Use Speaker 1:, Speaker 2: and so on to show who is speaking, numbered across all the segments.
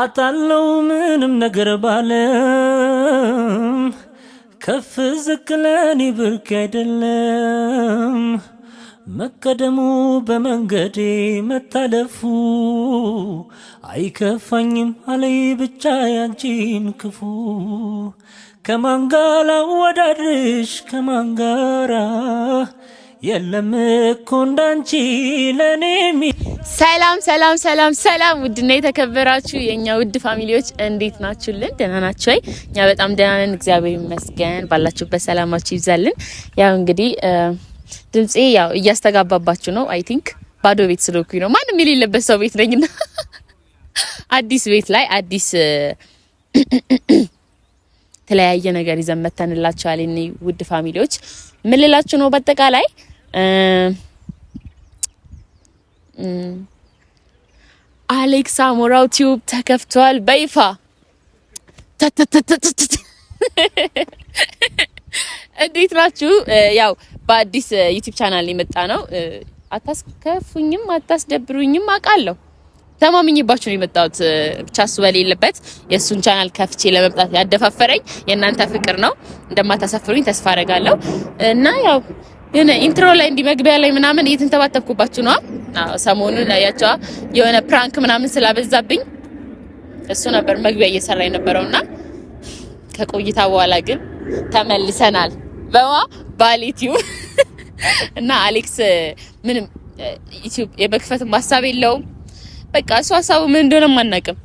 Speaker 1: አጣለው ምንም ነገር ባለም ከፍ ዝቅ ለኔ ብርክ አይደለም መቀደሙ በመንገዴ መታለፉ አይከፋኝም አለይ ብቻ ያንቺን ክፉ ከማንጋላ ወዳድሽ ከማንጋራ የለም እኮ እንዳንቺ ለኔ የሚ
Speaker 2: ሰላም ሰላም ሰላም ሰላም። ውድና የተከበራችሁ የኛ ውድ ፋሚሊዎች እንዴት ናችሁልን? ደህና ናችሁ ወይ? እኛ በጣም ደህና ነን፣ እግዚአብሔር ይመስገን። ባላችሁበት ሰላማችሁ ይብዛልን። ያው እንግዲህ ድምፄ ያው እያስተጋባባችሁ ነው። አይ ቲንክ ባዶ ቤት ስለኩኝ ነው፣ ማንም የሌለበት ሰው ቤት ነኝና አዲስ ቤት ላይ አዲስ የተለያየ ነገር ይዘን መተንላችኋል። ውድ ፋሚሊዎች ምን ነው በአጠቃላይ አሌክስ አሞራው ቲዩብ ተከፍቷል በይፋ እንዴት ናችሁ? ያው በአዲስ ዩቲዩብ ቻናል የመጣ ነው። አታስከፉኝም፣ አታስደብሩኝም አውቃለሁ። ተማምኝባችሁ ነው የመጣሁት። ብቻ እሱ በሌለበት የእሱን ቻናል ከፍቼ ለመምጣት ያደፋፈረኝ የእናንተ ፍቅር ነው። እንደማታሳፍሩኝ ተስፋ አደርጋለሁ እና ያው የሆነ ኢንትሮ ላይ እንዲህ መግቢያ ላይ ምናምን እየተንተባተብኩባችሁ ነው። አዎ ሰሞኑን ያያቸዋ የሆነ ፕራንክ ምናምን ስላበዛብኝ እሱ ነበር መግቢያ እየሰራ የነበረው እና ከቆይታ በኋላ ግን ተመልሰናል በዋ ባሊቲው እና አሌክስ ምንም ዩቲዩብ የመክፈትም ሀሳብ የለውም። በቃ እሱ ሀሳቡ ምን እንደሆነ አናውቅም።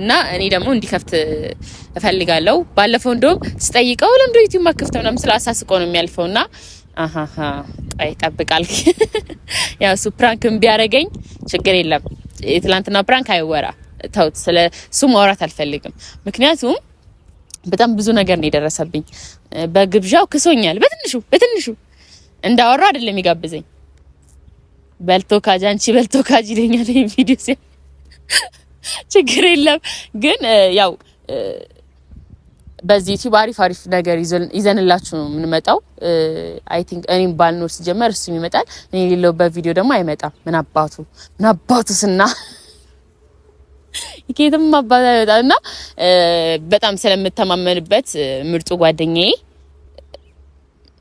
Speaker 2: እና እኔ ደግሞ እንዲከፍት እፈልጋለሁ። ባለፈው እንደውም ስጠይቀው ለምዶ ዩቲዩብ ማከፍተው ምናምን ስለ አሳስቆ ነው የሚያልፈው እና ይጠብቃል። ያው እሱ ፕራንክም ቢያደርገኝ ችግር የለም። የትላንትና ፕራንክ አይወራ ተውት። ስለ እሱ ማውራት አልፈልግም። ምክንያቱም በጣም ብዙ ነገር ነው የደረሰብኝ። በግብዣው ክሶኛል። በትንሹ በትንሹ እንዳወራ አይደለም የሚጋብዘኝ። በልቶ ካጅ አንቺ በልቶ ካጅ ይለኛል ቪዲዮ ሲያ ችግር የለም ግን ያው በዚህ ዩቲዩብ አሪፍ አሪፍ ነገር ይዘንላችሁ ነው የምንመጣው። አይ ቲንክ እኔም ባልኖር ሲጀመር እሱም ይመጣል። እኔ የሌለውበት ቪዲዮ ደግሞ አይመጣም። ምን አባቱ ምን አባቱ ስና ኬትም አባት አይመጣም። እና በጣም ስለምተማመንበት ምርጡ ጓደኛዬ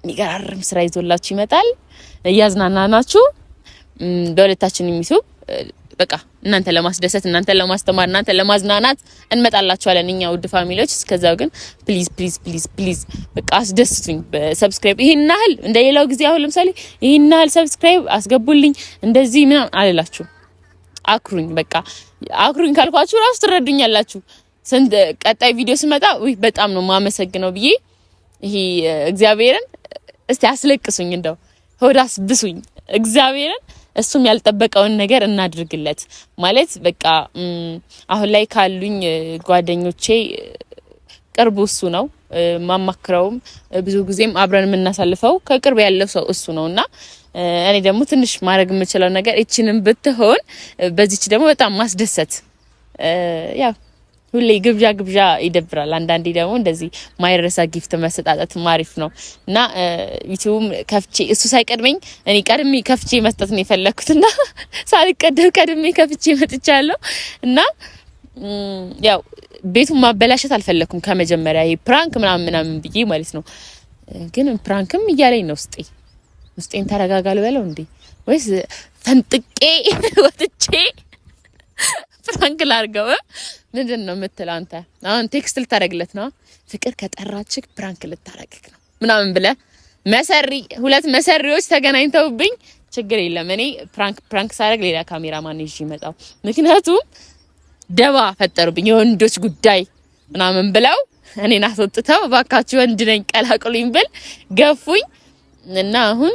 Speaker 2: የሚገራርም ስራ ይዞላችሁ ይመጣል። እያዝናናናችሁ በሁለታችን የሚስብ በቃ እናንተ ለማስደሰት እናንተ ለማስተማር እናንተ ለማዝናናት እንመጣላችኋለን እኛ ውድ ፋሚሊዎች። እስከዛው ግን ፕሊዝ ፕሊዝ ፕሊዝ ፕሊዝ በቃ አስደስቱኝ በሰብስክራይብ። ይሄን ያህል እንደሌላው ጊዜ አሁን ለምሳሌ ይሄን ያህል ሰብስክራይብ አስገቡልኝ እንደዚህ ምናምን አልላችሁ። አክሩኝ በቃ አክሩኝ ካልኳችሁ ራሱ ትረዱኛላችሁ። ቀጣይ ቪዲዮ ስመጣ ወይ በጣም ነው ማመሰግነው ብዬ ይሄ እግዚአብሔርን እስቲ አስለቅሱኝ እንደው ሆዳስ አስብሱኝ። እግዚአብሔርን እሱም ያልጠበቀውን ነገር እናድርግለት ማለት በቃ አሁን ላይ ካሉኝ ጓደኞቼ ቅርቡ እሱ ነው ማማክረውም ብዙ ጊዜም አብረን የምናሳልፈው ከቅርብ ያለው ሰው እሱ ነው እና እኔ ደግሞ ትንሽ ማድረግ የምችለው ነገር ይችንም ብትሆን በዚች ደግሞ በጣም ማስደሰት ያው ሁሌ ግብዣ ግብዣ ይደብራል። አንዳንዴ ደግሞ እንደዚህ ማይረሳ ጊፍት መሰጣጠት ማሪፍ ነው እና ዩቲዩብም ከፍቼ እሱ ሳይቀድመኝ እኔ ቀድሜ ከፍቼ መስጠት ነው የፈለግኩት እና ሳልቀደም ቀድሜ ከፍቼ መጥቻለሁ እና ያው ቤቱን ማበላሸት አልፈለግኩም ከመጀመሪያ ይሄ ፕራንክ ምናምን ምናምን ብዬ ማለት ነው። ግን ፕራንክም እያለኝ ነው ውስጤ ውስጤን ተረጋጋል በለው እንዴ ወይስ ፈንጥቄ ወጥቼ ፍራንክ ላርገው ምንድን ነው የምትል አንተ? አሁን ቴክስት ልታደረግለት ነው ፍቅር ከጠራችህ ፕራንክ ልታረግክ ነው ምናምን ብለ መሰሪ ሁለት መሰሪዎች ተገናኝተውብኝ ችግር የለም እኔ ፕራንክ ፕራንክ ሳደርግ ሌላ ካሜራ ማን ይዤ ይመጣው ምክንያቱም ደባ ፈጠሩብኝ የወንዶች ጉዳይ ምናምን ብለው እኔን አስወጥተው እባካችሁ ወንድ ነኝ ቀላቅሉኝ ብል ገፉኝ እና አሁን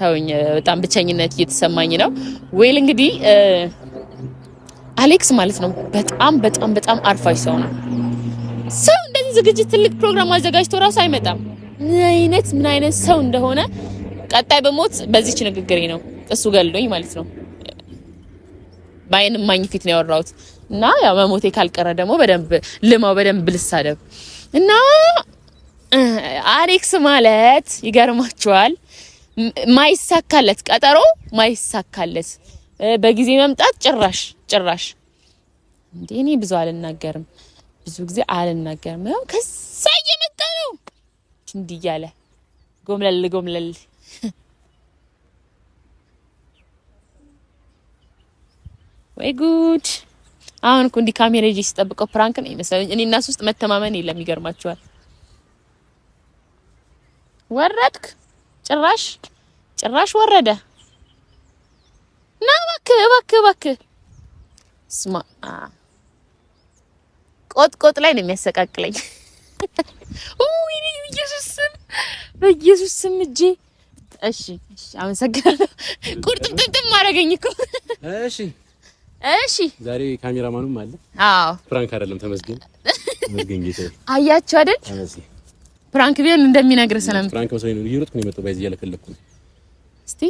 Speaker 2: ተውኝ በጣም ብቸኝነት እየተሰማኝ ነው ዌል እንግዲህ አሌክስ ማለት ነው። በጣም በጣም በጣም አርፋጅ ሰው ነው። ሰው እንደዚህ ዝግጅት ትልቅ ፕሮግራም አዘጋጅቶ ራሱ አይመጣም። ምን አይነት ምን አይነት ሰው እንደሆነ ቀጣይ በሞት በዚች ንግግሬ ነው እሱ ገሎኝ ማለት ነው። በአይን ማኝ ፊት ነው ያወራሁት እና ያው መሞቴ ካልቀረ ደግሞ በደንብ ልማው በደንብ ልሳደብ እና አሌክስ ማለት ይገርማችኋል፣ ማይሳካለት ቀጠሮ ማይሳካለት በጊዜ መምጣት ጭራሽ ጭራሽ እንዴ እኔ ብዙ አልናገርም፣ ብዙ ጊዜ አልናገርም። ያው ከዛ እየመጣ ነው እንዲህ እያለ ጎምለል ጎምለል ወይ ጉድ! አሁን እኮ እንዲህ ካሜራ ይዤ ሲጠብቀው ፕራንክ ነው ይመስለኝ። እኔ እናስ ውስጥ መተማመን የለም። ይገርማችኋል። ወረድክ ጭራሽ ጭራሽ ወረደ። ና እባክህ እባክህ እባክህ ቆጥቆጥ ላይ ነው የሚያሰቃቅለኝ። ወይኔ ኢየሱስ ስም በኢየሱስ ስም እጄ እሺ፣ እሺ፣ አመሰግናለሁ። ቁርጥምጥምጥም ማረገኝ እኮ እሺ፣ እሺ። ዛሬ ካሜራማኑም አለ። አዎ፣ ፕራንክ አይደለም። ተመስገን ተመስገን። ጌታ አያችሁ አይደል? ተመስገን። ፕራንክ ቢሆን እንደሚነግር ሰላም ፕራንክ መስሎኝ ነው። እየሮጥኩ ነው የመጣው። ባይዝ እያለከለኩ ነው። እስቲ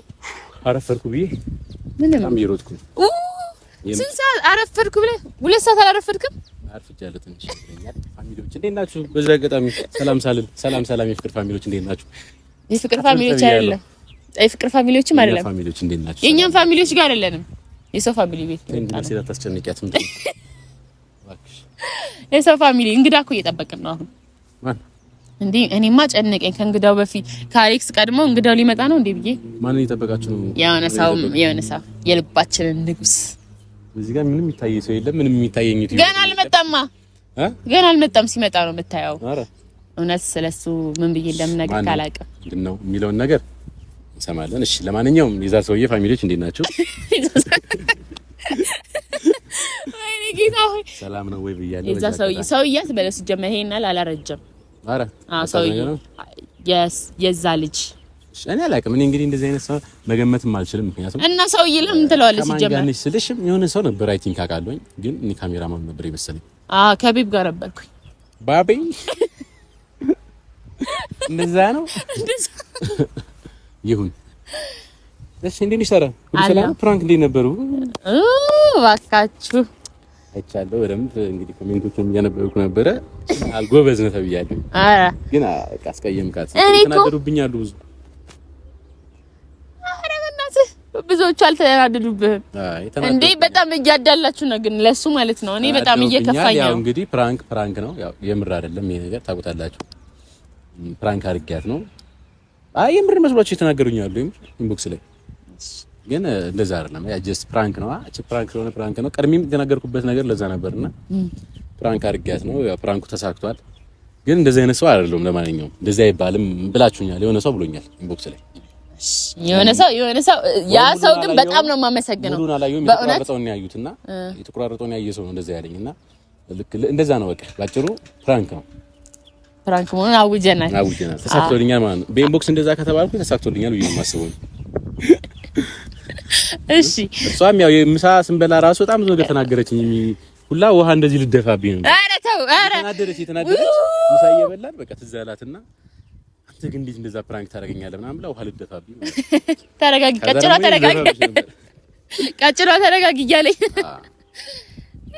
Speaker 2: አረፈርኩ ብዬ ምንም እየሮጥኩ ነው ስንት ሰዓት አረፈድክ ብለህ ሁለት ሰዓት አላረፈድክም? አርፍጃለሁ ትንሽ ይለኛል። ፋሚሊዎች እንዴት ናችሁ? በዚህ አጋጣሚ ሰላም ሳልል ሰላም ሰላም፣ የፍቅር ፋሚሊዎች እንዴት ናችሁ? የፍቅር ፋሚሊዎች አይደለም፣ የፍቅር ፋሚሊዎችም አይደለም። ፋሚሊዎች እንዴት ናችሁ? የእኛም ፋሚሊዎች ጋር አይደለንም። የሰው ፋሚሊ ቤት እንዴት ሴት የሰው ፋሚሊ እንግዳ እኮ እየጠበቅን ነው አሁን እንዴ እኔማ ጨነቀኝ። ከእንግዳው በፊት ከአሌክስ ቀድሞ እንግዳው ሊመጣ ነው እንዴ ብዬ ማንን እየጠበቃችሁ ነው? የሆነ ሰው የሆነ ሰው የልባችንን ንጉስ እዚህ ጋር ምንም የሚታይ ሰው የለም። ምንም የሚታየኝ ገና አልመጣማ ገና አልመጣም። ሲመጣ ነው የምታየው። እውነት ስለሱ ምን ብዬ እንደምነግርህ አላውቅም። ምንድን ነው የሚለውን ነገር እንሰማለን። እሺ፣ ለማንኛውም የዛ ሰውዬ ፋሚሊዎች እንዴት ናቸው? ወይኔ ጌታ ሆይ ሰላም ነው ወይ ብያለሁ። የዛ ሰውዬ ሰውዬ አትበለው። ሲጀመር ይሄን አላረጀም። ኧረ አዎ ሰውዬ የዛ ልጅ እኔ አላውቅም። እኔ እንግዲህ እንደዚህ አይነት ሰው መገመትም አልችልም። ምክንያቱም እና ሰው ይልም ትለዋለህ ሲጀምር ነሽ ስልሽም የሆነ ሰው ነበር አይ ቲንክ አውቃለሁኝ፣ ግን እኔ ካሜራማን ነበር የመሰለኝ። አዎ ከቢብ ጋር ነበርኩኝ። ባቢ እንደዛ ነው ይሁን። እሺ እንዴት ነሽ ታዲያ? ሁሉ ሰላም? ፕራንክ እንዴት ነበሩ? እባካችሁ አይቻለሁ በደምብ እንግዲህ ኮሜንቶቹን እያነበብኩ ነበረ። አልጎበዝ ነው ተብያለሁ፣ ግን አስቀየምካት። ተናገሩብኛሉ ብዙ ብዙዎቹ አልተናደዱብህም እንዴ? በጣም እያዳላችሁ ነው ግን ለሱ ማለት ነው። እኔ በጣም እየከፋኝ ነው። እንግዲህ ፕራንክ ፕራንክ ነው ያው የምር አይደለም ይሄ ነገር ታውቁታላችሁ። ፕራንክ አድርጊያት ነው። አይ የምር መስሏችሁ የተናገሩኝ አሉ ኢንቦክስ ላይ ግን እንደዛ አይደለም። ያ ጀስት ፕራንክ ነው። አጭ ፕራንክ ስለሆነ ፕራንክ ነው። ቀድሜም የተናገርኩበት ነገር ለዛ ነበርና ፕራንክ አድርጊያት ነው። ያው ፕራንኩ ተሳክቷል። ግን እንደዚህ አይነት ሰው አይደለም። ለማንኛውም እንደዚህ አይባልም ብላችሁኛል። የሆነ ሰው ብሎኛል ኢንቦክስ ላይ የሆነ ሰው የሆነ ሰው ያ ሰው ግን በጣም ነው የማመሰግነው። ሙሉን አላየሁም። የተቆራረጠውን ነው ያዩትና የተቆራረጠውን ያየ ሰው ነው እንደዛ ያለኝና ልክ እንደዛ ነው በቃ ባጭሩ ፕራንክ ነው። ፕራንክ መሆኑን አውጀናል አውጀናል። ተሳክቶልኛል ማለት ነው። በኢንቦክስ እንደዛ ከተባልኩ ተሳክቶልኛል ብዬ ነው የማስበው። እሺ እሷም ያው የምሳ ስንበላ ራሱ በጣም ነው ተናገረችኝ። ሁላ ውሃ እንደዚህ ልደፋብኝ ነው። ኧረ ተው ኧረ ተናደረች። የተናደረች ምሳ እየበላን በቃ ትዝ አላትና ሚስትህ እንዴት እንደዛ ፕራንክ ታደርገኛለህ ምናምን ብላ ውሃ ልደፋብኝ ማለት ነው። ተረጋጊ፣ ቀጭኗ ተረጋጊ፣ ቀጭኗ ተረጋጊ እያለኝ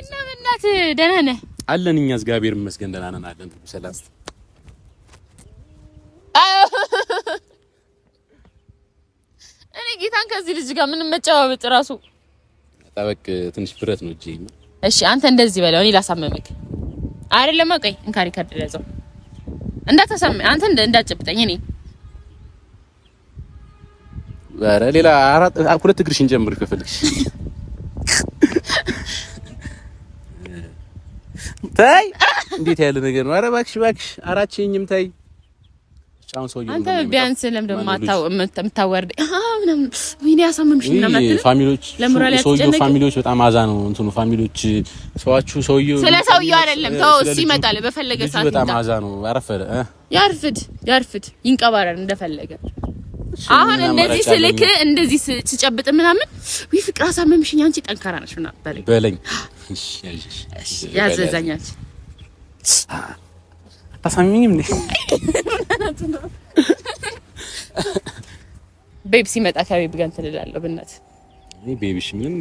Speaker 2: እና በእናትህ ደህና ነህ አለን። እኛ እግዚአብሔር ይመስገን ደህና ነን አለን። ሁሉ ሰላም እኔ ጌታን ከዚህ ልጅ ጋር ምንም መጨባበጥ ራሱ ጠበቅ ትንሽ ብረት ነው እጄ። እሺ አንተ እንደዚህ በለው፣ እኔ ላሳመመክ አይደለም። ቆይ እንካሪ ካደረዘው እንዳተሰማ አንተ እንዳጨብጠኝ እኔ ዛሬ ሌላ አራት ሁለት እግርሽን ጀምር ከፈለግሽ ታይ እንዴት ያለ ነገር ነው። ኧረ እባክሽ እባክሽ አራችኝም ታይ አንተ ቢያንስ ለምንድን ነው የምታወርደኝ? ፋሚሊዎች በጣም አዛ ነው እንትኑ ፋሚሊዎች ሰዋችሁ ሰውዬው ስለ ሰውዬው አይደለም ተው፣ እሱ ይመጣል በፈለገ ሰዓት በጣም አዛ ነው። ያረፈደ ያርፍድ ያርፍድ ይንቀባረር እንደፈለገ። አሁን እንደዚህ ስልክ እንደዚህ ስጨብጥ ምናምን ዊ ፍቅር አሳመምሽኝ፣ አንቺ ጠንካራ ነሽ ምናምን በለኝ በለኝ ያዘዛኛል አታሳሚኝም ቤብ ሲመጣ ከቤብ ጋር እንትን እላለሁ። ቤቢሽ ምንም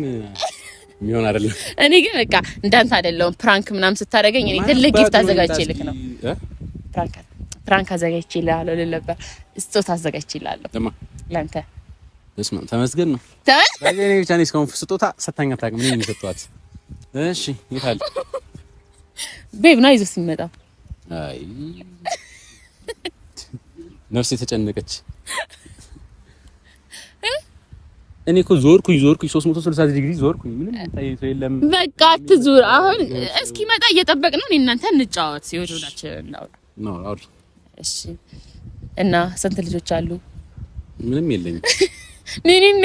Speaker 2: የሚሆን አይደለም። እኔ ግን በቃ እንዳንተ አይደለሁም። ፕራንክ ምናምን ስታደርገኝ እኔ ትልቅ ጊፍት አዘጋጅቼ ልክ ነው ፕራንክ ፕራንክ አዘጋጅቼ ልል ነበር ስጦታ አዘጋጅቼ ለአንተ። በስመ አብ ተመስገን ነው። እኔ ብቻ ነኝ እስካሁን ስጦታ የሚሰጠዋት እሺ፣ ቤብ ና ይዞ ሲመጣ አይ ነፍሴ ተጨነቀች። እኔ እኮ ዞርኩኝ ዞርኩኝ 360 ዲግሪ ዞርኩኝ። ምንም ሰው የለም። በቃ አትዙር። አሁን እስኪመጣ እየጠበቅን ነው። እኔ እናንተ እንጫወት ሲወዱናችን ነው። አውሪ። እሺ። እና ስንት ልጆች አሉ? ምንም የለኝም። ምንም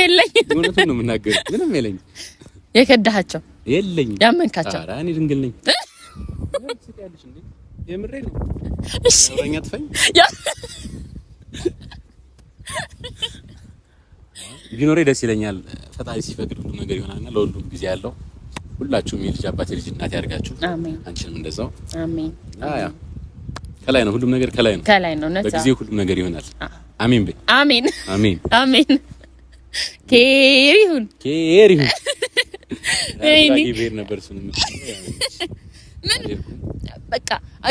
Speaker 2: እውነቱን ነው ምንም የከዳሃቸው? ያመንካቸው? ኧረ እኔ ድንግል ነኝ። የምሬ ነው። እሺ አብረኛ ትፈኝ ቢኖሬ ደስ ይለኛል። ፈጣሪ ሲፈቅድ ሁሉ ነገር ይሆናልና ለሁሉም ጊዜ አለው ሁላችሁም የልጅ አባት የልጅ እናት ያድርጋችሁ። አሜን። አንቺንም እንደዛው አሜን። አያ ከላይ ነው፣ ሁሉም ነገር ከላይ ነው፣ ከላይ ነው። በጊዜ ሁሉም ነገር ይሆናል። አሜን በይ። አሜን፣ አሜን፣ አሜን። ኬር ይሁን፣ ኬር ይሁን። ነበር ምን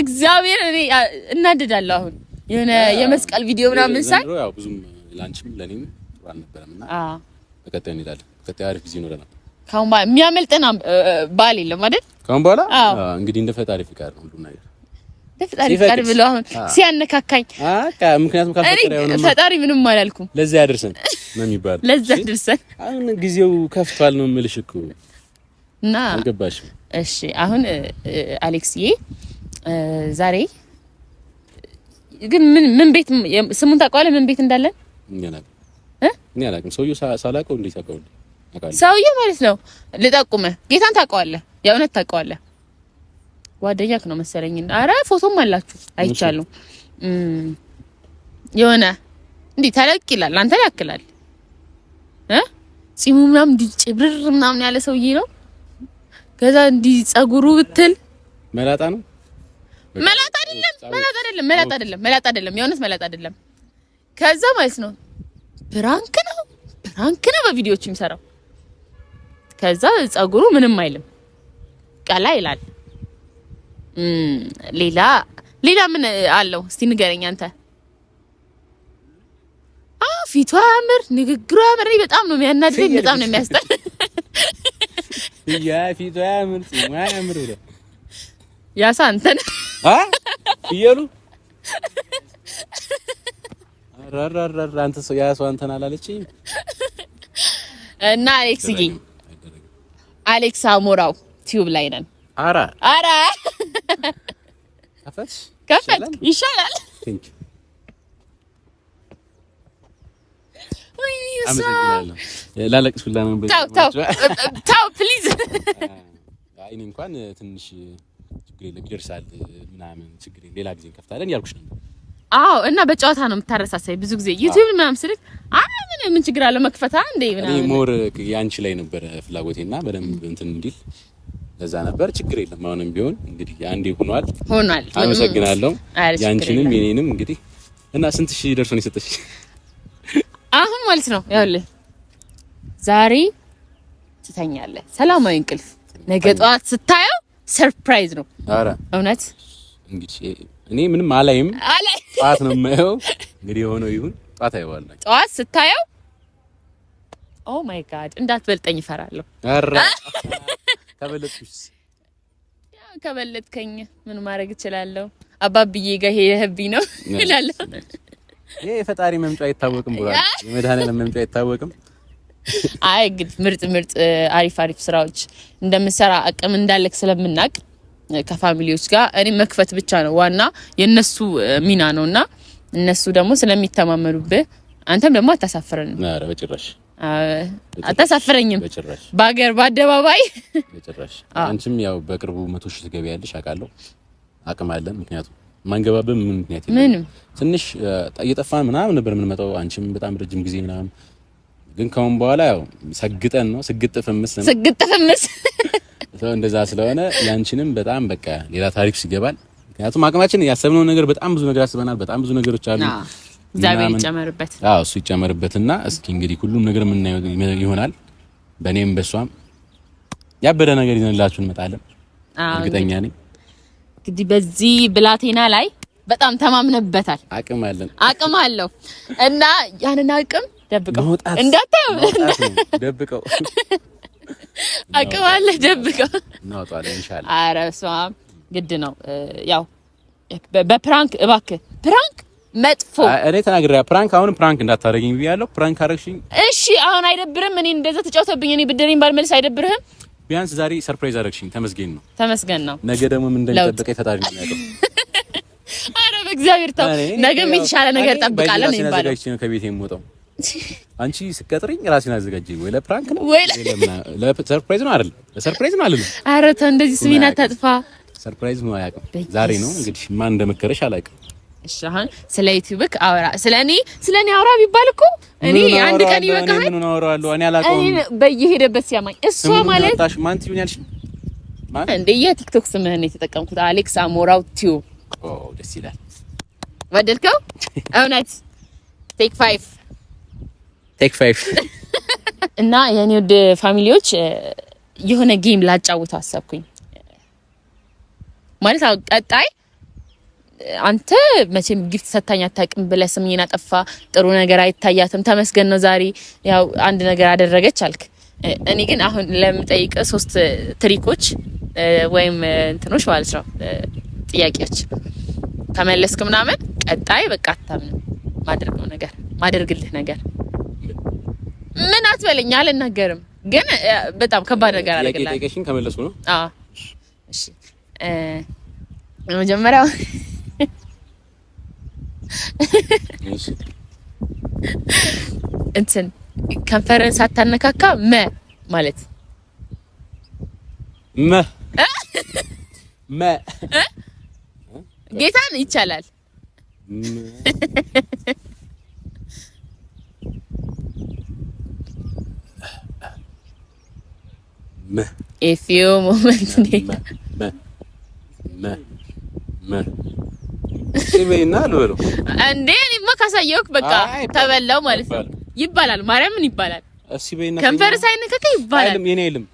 Speaker 2: እግዚአብሔር እኔ እናደዳለሁ። አሁን የሆነ የመስቀል ቪዲዮ ምናምን ሳይ ያው ብዙም ላንቺም ለኔም ጥሩ አልነበረም እና በቀጣይ እንሄዳለን። በቀጣይ አሪፍ ጊዜ ይኖረናል። ካሁን በኋላ የሚያመልጠና ባል የለም አይደል? ካሁን በኋላ እንግዲህ እንደ ፈጣሪ ፍቃድ ነው ሁሉም ነገር እንደ ፈጣሪ ፍቃድ ብሎ አሁን ሲያነካካኝ አቃ ምክንያቱም ካልፈቀደ ፈጣሪ ምንም አላልኩም። ለዛ ያደርሰን ነው የሚባለው። ለዛ ያደርሰን። አሁን ጊዜው ከፍቷል ነው የምልሽ እኮ እና አልገባሽም? እሺ አሁን አሌክስዬ ዛሬ ግን ምን ምን ቤት ስሙን ታውቀዋለህ? ምን ቤት እንዳለን እኔ አላውቅም። ሰውዬው ሳላውቀው እንዴት ታውቀዋለህ? ሰውዬው ማለት ነው ልጠቁመህ፣ ጌታን ታውቀዋለህ? የእውነት ታውቀዋለህ? ጓደኛክ ነው መሰለኝ። አረ ፎቶም አላችሁ አይቻሉ። የሆነ እንዲህ ተለቅ ይላል፣ አንተ ያክላል እ ጺሙ ምናምን እንዲህ ምናምን ያለ ሰውዬ ነው። ከዛ እንዲህ ጸጉሩ ብትል መላጣ ነው መላጥ አይደለም፣ መላጥ አይደለም፣ መላጥ አይደለም፣ መላጥ አይደለም፣ የእውነት መላጥ አይደለም። ከዛ ማለት ነው ፕራንክ ነው፣ ፕራንክ ነው በቪዲዮዎች የሚሰራው። ከዛ ጸጉሩ ምንም አይልም፣ ቀላ ይላል። ሌላ ሌላ ምን አለው እስቲ ንገረኝ አንተ። አዎ ፊቱ አያምር፣ ንግግሩ አያምር። በጣም ነው የሚያናድደኝ፣ በጣም ነው የሚያስጠላ። ያ ፊቱ አያምር፣ ጺሙ ያሳ አንተን እያሉ አንተ ሰው ያ ሰው አንተን እና አሌክስ ጊ አሌክስ አሞራው ቲዩብ ላይ ነን። አረ አረ ከፈት ይሻላል። ላለቅስ ሁላ ነው። ተው ተው ፕሊዝ። አይ እኔ እንኳን ትንሽ ችግር የለም ይደርሳል ምናምን ችግር የለም ሌላ ጊዜ እንከፍታለን ያልኩሽ ነበር። አዎ እና በጨዋታ ነው የምታረሳሳይ ብዙ ጊዜ ዩቲዩብ ምናምን ስልክ ምን ምን ችግር አለ መክፈታ እንደ ምናምን እኔ ሞር ያንቺ ላይ ነበረ ፍላጎቴና በደንብ እንትን እንዲል ለዛ ነበር ችግር የለም። አሁንም ቢሆን እንግዲህ አንዴ ሆኗል ሆኗል። አመሰግናለሁ ያንቺንም የኔንም እንግዲህ እና ስንት ሺህ ደርሶ ነው የሰጠሽ አሁን ማለት ነው? ያውልህ ዛሬ ትተኛለህ ሰላማዊ እንቅልፍ ነገ ጠዋት ስታየው ሰርፕራይዝ ነው። እውነት እንግዲህ እኔ ምንም አላይም፣ ጠዋት ነው የማየው። እንግዲህ የሆነው ይሁን፣ ጠዋት አይዋለሁ። ጠዋት ስታየው ኦ ማይ ጋድ እንዳትበልጠኝ እፈራለሁ። ኧረ ከበለጥኩስ? ያው ከበለጥከኝ ምን ማድረግ እችላለሁ? አባብዬ ጋር ሄደህብኝ ነው እላለሁ። ይሄ የፈጣሪ መምጫ አይታወቅም ብሏል። የመድኃኒዓለም መምጫ አይታወቅም። አይ ግድ ምርጥ ምርጥ አሪፍ አሪፍ ስራዎች እንደምሰራ አቅም እንዳለክ ስለምናቅ ከፋሚሊዎች ጋር እኔ መክፈት ብቻ ነው ዋና የእነሱ ሚና ነው እና እነሱ ደግሞ ስለሚተማመኑብህ አንተም ደግሞ አታሳፍረንም። በጭራሽ አታሳፍረኝም፣ በሀገር በአደባባይ በጭራሽ። አንቺም ያው በቅርቡ መቶ ሺህ ትገቢያለሽ አውቃለሁ። አቅም አለን። ምክንያቱም ማንገባብህ ምን ምክንያት ምንም ትንሽ እየጠፋን ምናምን ነበር የምንመጣው። አንቺም በጣም ረጅም ጊዜ ምናምን ግን ከአሁን በኋላ ያው ሰግጠን ነው ስግጥ ፍምስ ስግጥ ፍምስ ሰው እንደዛ ስለሆነ ያንቺንም በጣም በቃ ሌላ ታሪክ ሲገባል። ምክንያቱም አቅማችን ያሰብነው ነገር በጣም ብዙ ነገር አስበናል። በጣም ብዙ ነገሮች አሉ። እግዚአብሔር ይጨመርበት። አዎ እሱ ይጨመርበትና እስኪ እንግዲህ ሁሉም ነገር የምናየው ይሆናል። በእኔም በሷም ያበደ ነገር ይዘንላችሁ እንመጣለን። እርግጠኛ ነኝ። እንግዲህ በዚህ ብላቴና ላይ በጣም ተማምነበታል። አቅም አለን፣ አቅም አለው እና ያንን አቅም ደብቀው እንዳታዩ ደብቀው አቅም ደብቀው እናወጣለን። ኢንሻአላህ ኧረ በስመ ግድ ነው ያው በፕራንክ እባክህ ፕራንክ መጥፎ እኔ ተናግሬ ፕራንክ አሁንም ፕራንክ እንዳታደርገኝ ብያለሁ። ፕራንክ አደረግሽኝ። እሺ አሁን አይደብርም? እኔ እንደዛ ተጫውተብኝ እኔ ብድሬን ባልመልስ አይደብርህም? ቢያንስ ዛሬ ሰርፕራይዝ አደረግሽኝ። ተመስገን ነው ተመስገን ነው። ነገ ደግሞ ምን እንደሚጠብቀኝ ፈጣሪ ነው የሚያውቀው። ኧረ በእግዚአብሔር ተው፣ ነገም የተሻለ ነገር እጠብቃለሁ ነው የሚባለው። ከቤት የምወጣው አንቺ ስቀጥሪኝ ራሴን አዘጋጅ ወይ ለፕራንክ ነው ወይ ለሰርፕራይዝ ነው አይደል? ለሰርፕራይዝ ነው አይደል? ኧረ ተው እንደዚህ ስሜን አታጥፋ። ሰርፕራይዝ ነው አያውቅም። ዛሬ ነው እንግዲህ ማን እንደመከረሽ አላውቅም። እሺ አሁን ስለ ዩቲዩብክ አውራ፣ ስለ እኔ ስለ እኔ አውራ ቢባል እኮ እኔ አንድ ቀን ይበቃሃል። ምን አወራዋለሁ? እኔ አላውቀውም። በየሄደበት ሲያማኝ እሷ ማለት ታሽ ማን ትዩን ያልሽ ማን እንደ የቲክቶክ ስምህን ነው የተጠቀምኩት። አሌክስ አሞራው ቲዩ። ኦ ደስ ይላል። ወደድከው? እውነት ቴክ ፋይቭ ቴክ ፋይቭ እና የኔ ውድ ፋሚሊዎች የሆነ ጌም ላጫውት አሰብኩኝ። ማለት አሁን ቀጣይ አንተ መቼም ጊፍት ሰታኝ አታውቅም ብለህ ስምኝን አጠፋ፣ ጥሩ ነገር አይታያትም፣ ተመስገን ነው። ዛሬ ያው አንድ ነገር አደረገች አልክ። እኔ ግን አሁን ለምጠይቀ ሶስት ትሪኮች ወይም እንትኖች ማለት ነው ጥያቄዎች ከመለስክ ምናምን ቀጣይ በቃ አታምንም ነው ነገር ማደርግልህ ነገር ምን አትበለኝ፣ አልናገርም። ግን በጣም ከባድ ነገር አለግላሽን ከመለሱ ነው። እሺ መጀመሪያው እንትን ከንፈርን ሳታነካካ መ ማለት መ መ ጌታን ይቻላል። ኤፊዮ ሞመንት እና ልበለው እንዴ? እኔማ ካሳየውክ በቃ ተበላው ማለት ነው። ይባላል ማርያምን ይባላል። ከንፈር ሳይነካከ ይባላል። የኔ አይልም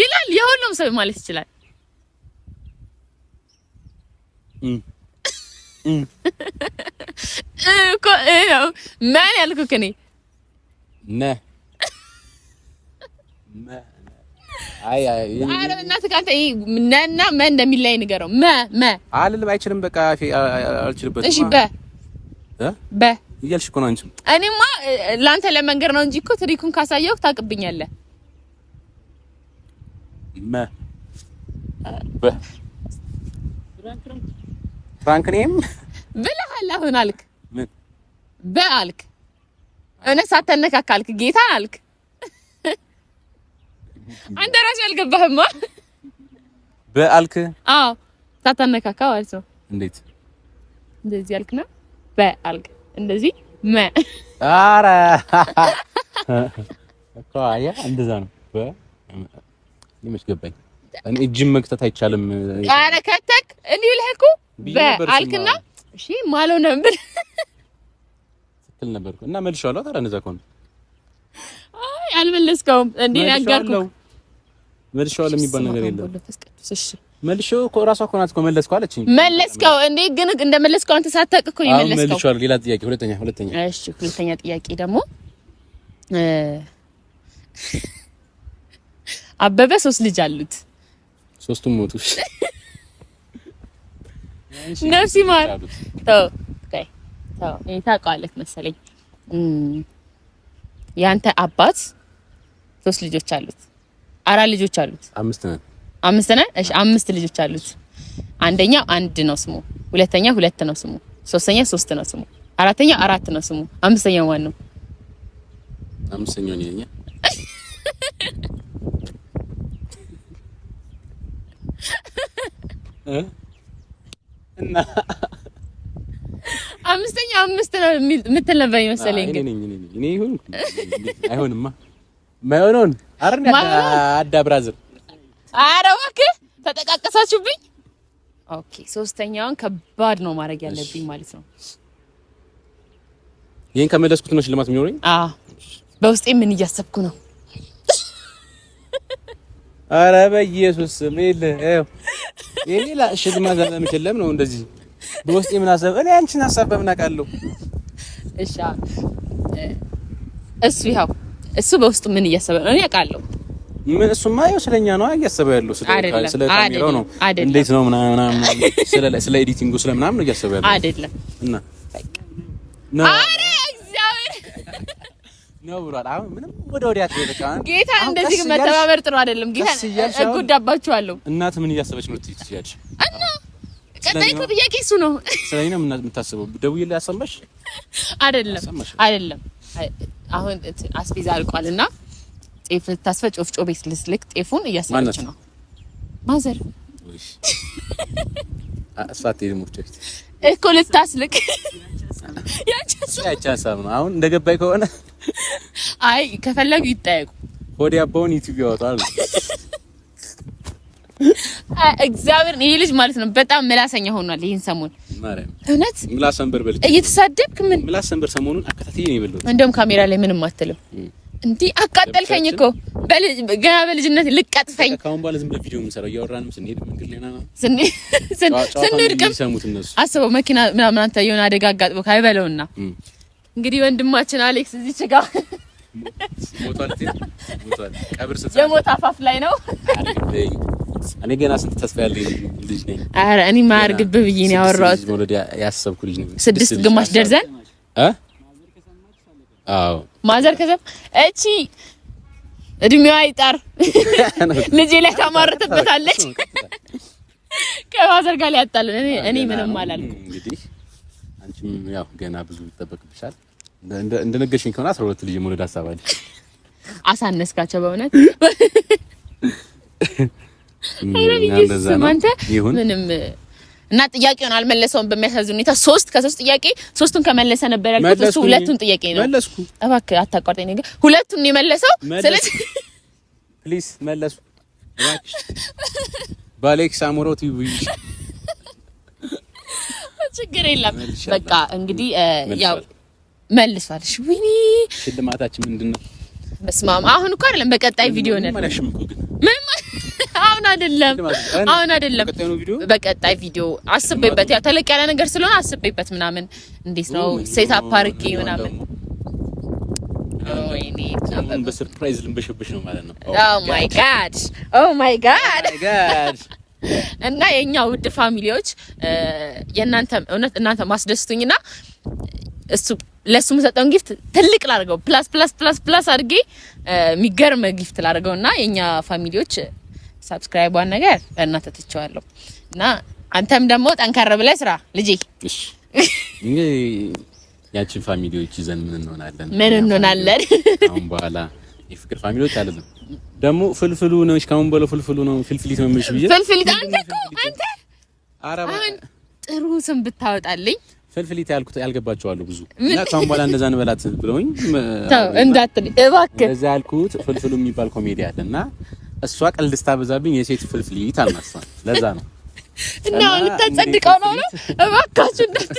Speaker 2: ይላል። የሁሉም ሰው ማለት ይችላል። እኮ ነው ማን ያልኩክ እኔ አይ መ እንደሚለይ ንገረው። መ መ አልልም፣ አይችልም። በቃ አልችልበትም። እሺ በ በ እያልሽ እኮ ነው አንቺም። እኔማ ለአንተ ለመንገር ነው እንጂ እኮ ትሪኩን ካሳየው ታውቅብኛለህ። መ በ ፍራንክ ብለሃል። አሁን አልክ በ አልክ ጌታ አልክ አንተ ራስህ አልገባህማ። በአልክ አዎ፣ ሳታነካካ ማለት ነው። እንዴት እንደዚህ አልክና በአልክ እንደዚህ መ አረ እኮ አያ እንደዛ ነው። በ በመች ገባኝ። እኔ እጅም መክተት አይቻልም። አረ ከተክ እንዲሁ ልህኩ በአልክና እሺ ማለው ነበር ስትል ነበርኩ እና መልሼዋለሁ። ታዲያ እንደዛ ከሆነ አይ አልመለስከውም እንዴ ያጋርኩ መልሼዋለሁ የሚባል ነገር የለም። መልሼው እኮ እራሷ እኮ ናት እኮ መለስከው አለችኝ። መለስከው እንደ ግን እንደ መለስከው አንተ ሳታውቅ እኮ ነው የመለስከው። መልሼዋለሁ። ሌላ ጥያቄ፣ ሁለተኛ ሁለተኛ። እሺ ሁለተኛ ጥያቄ ደግሞ አበበ ሶስት ልጅ አሉት። ሶስቱም ሞቱ። ነፍሲ ማር ተው ተው ተው። ታውቀዋለህ መሰለኝ ያንተ አባት ሶስት ልጆች አሉት አራት ልጆች አሉት። አምስት ነን አምስት ነን። እሺ አምስት ልጆች አሉት። አንደኛው አንድ ነው ስሙ፣ ሁለተኛ ሁለት ነው ስሙ፣ ሶስተኛ ሶስት ነው ስሙ፣ አራተኛ አራት ነው ስሙ። አምስተኛው ማን ነው? አምስተኛው እኔ ነኝ። እና አምስተኛ አምስት ነው የምትል ነበር ይመስለኝ። ግን እኔ ነኝ እኔ ነኝ። አይሆንማ የማይሆነውን አዳ ብራዝር እባክህ ተጠቃቀሳችሁብኝ። ኦኬ ሶስተኛውን ከባድ ነው ማድረግ ያለብኝ ማለት ነው። ይህን ከመለስኩት ነው ሽልማት የሚኖረኝ። በውስጤ ምን እያሰብኩ ነው? አረ በኢየሱስ ሜል የሌላ ሽልማት ለምችለም ነው እንደዚህ በውስጤ ምን አሰብ እኔ አንቺን ሀሳብ በምን እሺ እሱ ይኸው እሱ በውስጡ ምን እያሰበ ነው ያውቃለሁ። ምን እሱማ ያው ስለኛ ነው እያሰበ ያለው ስለ ስለ ካሜራው ነው እንዴት ነው ምናምን ስለ ስለ ኤዲቲንጉ ስለ ምናምን እያሰበ ያለው አይደለም። እና አረ እግዚአብሔር ነው ብሏል። አሁን ምንም ወደ ወዲያ ተበቃ ጌታ እንደዚህ መተባበር ጥሩ አይደለም። ጌታ እጎዳባችኋለሁ። እናት ምን እያሰበች ነው ትይያለሽ እና ቀጣይ ጥያቄ ነው ስለኛ ምን የምታስበው ደውዬ ላይ ያሰማሽ አይደለም አይደለም አሁን አስቤዛ አልቋል እና ጤፍ ልታስፈጭ ወፍጮ ቤት ልስልክ ጤፉን እያስፈጭ ነው ማዘር እኮ ልታስልክ ያቺ ሀሳብ ነው አሁን እንደገባኝ ከሆነ አይ ከፈለጉ ይጠየቁ ሆዲ አባውን ዩቲዩብ ያወጣል እግዚአብሔር ይሄ ልጅ ማለት ነው በጣም ምላሰኛ ሆኗል። ይሄን ሰሞን እውነት ምላሰንበር በል እየተሳደብክ ምን ምላሰንበር ሰሞኑን አከታተይ ነው ይበሉ። እንደውም ካሜራ ላይ ምንም አትልም። እንዲህ አቃጠልከኝ እኮ ገና በልጅነት ልቀጥፈኝ። ካሁን በኋላ ዝም ብለህ ቪዲዮ የምንሰራው እያወራንም ስንሄድ መንገድ ላይ ነው ስንወድቅም አስበው መኪና ምናምን አንተ የሆነ አደጋ አጋጥሞ ካይበለውና እንግዲህ ወንድማችን አሌክስ እዚህ ችጋ ሞቷል። ቀብር የሞት አፋፍ ላይ ነው። እኔ ገና ስንት ተስፋ ያለኝ ልጅ ነኝ። እኔ ብዬ ነው ያወራሁት። ያሰብኩ ልጅ ነኝ። ስድስት ግማሽ ደርዘን አዎ ማዘር እቺ እድሜዋ ይጣር ልጄ ላይ ታማርትበታለች። ከማዘር ጋር እኔ ምንም አላልኩም። እንግዲህ አንቺም ያው ገና ብዙ ይጠበቅብሻል። እንደነገሽኝ ከሆነ 12 ልጅ መውለድ ሀሳብ አለ። አሳነስካቸው በእውነት አንተ ምንም እና ጥያቄውን አልመለሰውም። በሚያሳዝን ሁኔታ ሶስት ከሶስት ጥያቄ ሶስቱን ከመለሰ ነበር ያልኩት። እሱ ሁለቱን ጥያቄ ነው መለስኩ። እባክህ አታቋርጠኝ ነገር ሁለቱን የመለሰው ስለዚህ ፕሊስ መለሱ። በአሌክስ አሞሮ ቲቪ ችግር የለም። በቃ እንግዲህ ያው መልሷልሽ። ወይኔ ሽልማታችን ምንድን ነው? አሁን እኮ አይደለም፣ በቀጣይ ቪዲዮ ነን። ምንም አሁን አይደለም፣ አሁን አይደለም፣ በቀጣይ ቪዲዮ አስቤበት፣ ያው ተለቅ ያለ ነገር ስለሆነ አስቤበት ምናምን፣ እንዴት ነው ሴት አፕ አድርጌ በሰርፕራይዝ ልንበሸበሽ ነው ማለት ነው። ኦ ማይ ጋድ ኦ ማይ ጋድ እና የእኛ ውድ ፋሚሊዎች የእናንተ እውነት እናንተ ማስደስቱኝና እሱ ለሱ የምሰጠውን ጊፍት ትልቅ ላድርገው፣ ፕላስ ፕላስ ፕላስ ፕላስ አድርጌ የሚገርም ጊፍት ላድርገው እና የኛ ፋሚሊዎች ሳብስክራይቧን ነገር እናንተ ትቸዋለሁ እና አንተም ደግሞ ጠንከር ብለህ ስራ ልጄ። እንግዲህ ያቺን ፋሚሊዎች ይዘን ምን እንሆናለን? ምን እንሆናለን? አሁን በኋላ የፍቅር ፋሚሊዎች አይደለም ደግሞ ፍልፍሉ ነው። እስካሁን በለው ፍልፍሉ ነው፣ ፍልፍሊት ነው የምልሽ ብዬ ፍልፍሊት አንተ እኮ አንተ አሁን ጥሩ ስም ብታወጣልኝ ፈልፍሊታ ያልኩት ያልገባቸዋሉ ብዙ እና ካሁን በኋላ እንደዛ እንበላት ብለውኝ እንዳትል እባክህ። እንደዛ ያልኩት ፍልፍሉ የሚባል ኮሜዲ አለ እና እሷ ቀልድስታ በዛብኝ የሴት ፍልፍሊት አልናስታል። ለዛ ነው እና ልታጸድቀው ነው ነው እባካችሁ እንዳት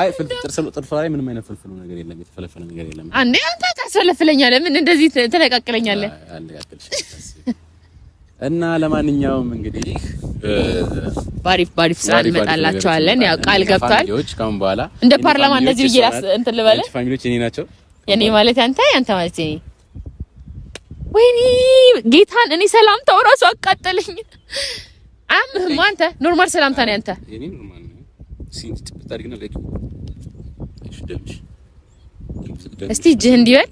Speaker 2: አይ ፍልፍል ጥርስ ጥርስ ላይ ምንም አይነት ፍልፍሉ ነገር የለም፣ የተፈለፈለ ነገር የለም። አንዴ አንተ ታስፈለፍለኛለህ። ምን እንደዚህ ትነቃቅለኛለህ? እና ለማንኛውም እንግዲህ ባሪፍ ባሪፍ ስራ እንመጣላቸዋለን። ያው ቃል ገብቷል። ካሁን በኋላ እንደ ፓርላማ እንደዚህ ብዬ እንትን ልበል። ፋሚሊዎች የኔ ናቸው። የኔ ማለት አንተ፣ ያንተ ማለት የኔ። ወይኒ ጌታን እኔ ሰላምታው እራሱ አቃጠለኝ። አምህም አንተ ኖርማል ሰላምታ ነው ያንተ። እስቲ እጅህ እንዲበል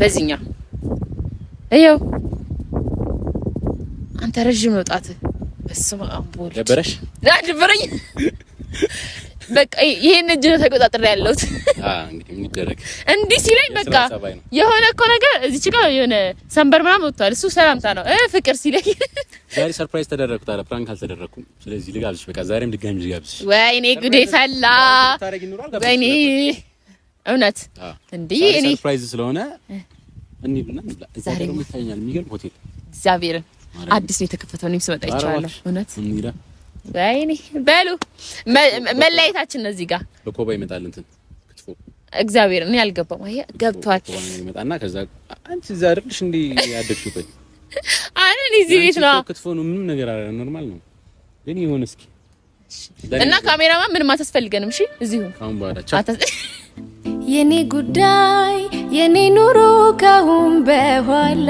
Speaker 2: በዚህኛው እየው አንተ ረዥም ነው ጣት። በስመ አብ ወልድ። ደበረሽ? ደበረኝ። በቃ ይሄን እጅ ነው ተቆጣጥሬ ያለሁት። እንዲህ ሲለኝ በቃ የሆነ እኮ ነገር እዚች ጋር የሆነ ሰንበር ምናምን ወጥቷል። እሱ ሰላምታ ነው ፍቅር ሲለኝ ዛሬ ሰርፕራይዝ ተደረግኩት አለ ፕራንክ አልተደረኩም። ስለዚህ ልጋብዝሽ፣ በቃ ዛሬም ድጋሚ ልጋብዝሽ። ወይኔ ጉዴ ፈላ። ወይኔ እውነት እንዲህ እኔ ሰርፕራይዝ ስለሆነ እንሂድና ዛሬ የሚገርም ሆቴል እግዚአብሔርን አዲስ ነው የተከፈተው። እኔም ስመጣ ይቻላል። እውነት ወይኔ በሉ መለያየታችን እዚህ ጋር በኮባ ይመጣል እንትን ክትፎ እግዚአብሔር እኔ አልገባም። አየህ ገብቷል። ይመጣና ከዛ አንቺ እዛ አይደልሽ እንዴ ያደግሽው? አንን እዚህ ቤት ነው ክትፎ ነው ምንም ነገር አለ ኖርማል ነው። ግን ይሁን እስኪ እና ካሜራማን ምንም አታስፈልገንም። እሺ እዚሁ ካሁን በኋላ የኔ ጉዳይ የኔ ኑሮ ካሁን በኋላ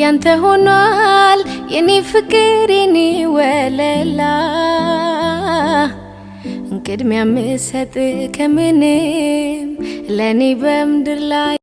Speaker 2: ያንተ ሆኗል የኔ ፍቅር የኔ ወለላ ቅድሚያ ምሰጥ ከምንም ለእኔ በምድር ላይ